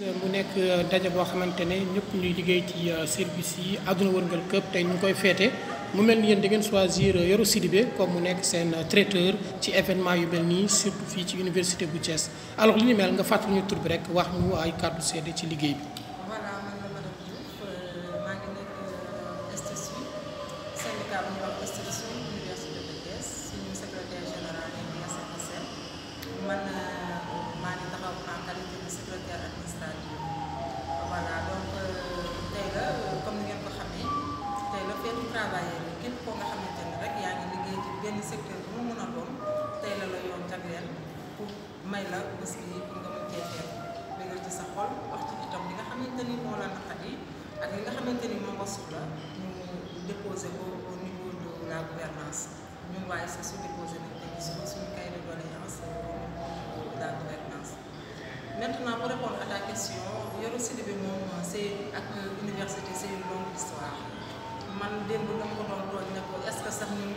Euh, mu nekk euh, daje boo xamante ne ñëpp ñuy liggéey ci euh, service yi àdduna wërngal këpp tey ñu koy féete mu mel ni yéen da ngeen choisir Yoro Sidibé comme mu nekk seen traiteur ci événement yu mel nii surtout fii ci université bu Thiès alors li ñu mel nga fàttali ñu tur bi rek wax ñu ay kàddu seede ci liggéey bi. muy secteur bu mu mën a doon tey la la yoon jagleel pour may la bés bi nga mën cee teel bégal ci sa xol wax ci itam li nga xamante ni moo la naqat yi ak nga xamante ni moo nga soxla ñu déposé ko au niveau de la gouvernance ñun waaye sa su déposé nañ ko gis suñu cahier de la gouvernance maintenant pour répondre à ta question Yoro Sidibé moom c'est ak université c'est une histoire man démb dama ko doon tooñ est-ce que sax ñun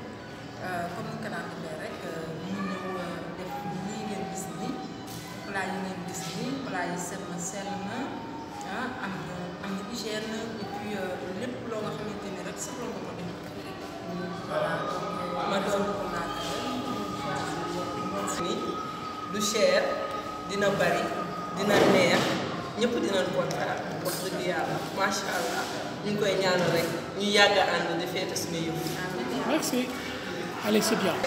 plat yi ngeen gis nii plat yi sell na sell na am na am na hygiène et euh, lépp loo nga xamante ni rek soxla nga ko ma doon ko naan ni du cher dina bari dina neex ñëpp dinañ kontaan wax dëgg yàlla macha allah ñu koy ñaanal rek ñu yàgg ànd di féete suñu yëpp.